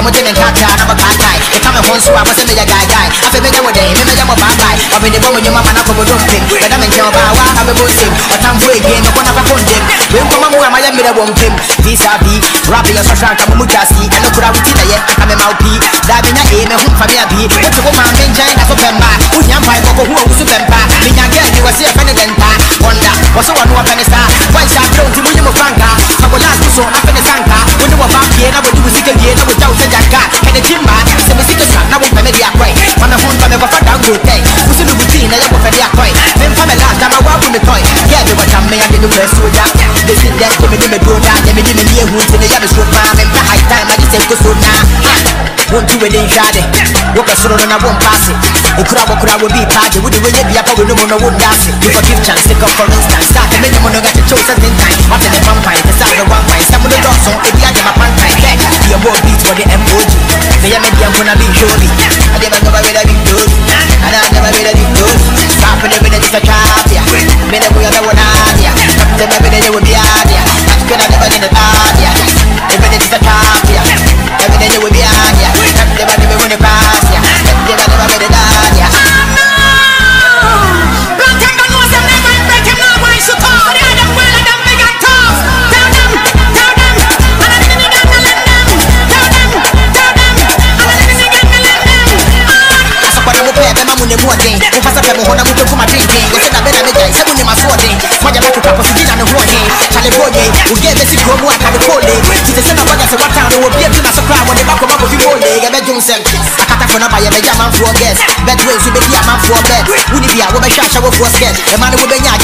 I'm a demon cat, I'm a cat guy. If I'm a home swap, I'm a guy guy. I feel better with them, maybe I'm a bad guy. I've been the woman, you're my man, I'm a dumping. But I'm in Java, I'm a boosting. But I'm way again, I'm gonna fund them. When come move, I'm a young middle one team. This I be rapping a social a Mutasi, and look around with it. I'm a mouthpiece. Diving a aim, and home for me, I be. But to woman, I'm in China, so Pemba. Who's young by Coco, who was Pemba. Me, I girl, you, I see a friend of Denta. Ah. Wonder, what's the one who I'm a star? Why is that? Don't you, you're a fanka. I will ask you so, I'm a star. toy Them for me last time I walk with me toy Yeah, me watch me and the first soldier They see that, give me the me brother They me the me near hood, till they have me short man Them high time, I just say go so now Won't do it shawty Walk a solo and I won't pass it Okura wakura we be party Would you win it be up we no one dance it You forgive chance, take up for instance Start me no one got to choose at the time After the vampire, the start the one time Stop the dogs on, if you had my pant time Back, be a beat for the M.O.G me and me, I'm gonna be showy I never know I will be good And I never will be good sɛ mehɔna mu bɛfuma drinkin wɔsɛ na bɛna megyae sɛ monim asoɔden moagya bɛkokwa kɔsodi na ne hoɔden kyale bɔye wogɛ bɛsi kuro mu aka mekole nti sɛ sɛ na bɔnya sɛ woata no wɔbia bi na so koraa wɔde bakɔma kɔfi mole yɛbɛdwom sɛm akatafo no ba yɛbɛgya amanfoɔ ges bɛtwe so bɛdi amanfoɔ bɛt wone bia wobɛhwɛ ahyɛ wofoɔ skɛt ɛma ne wobɛnya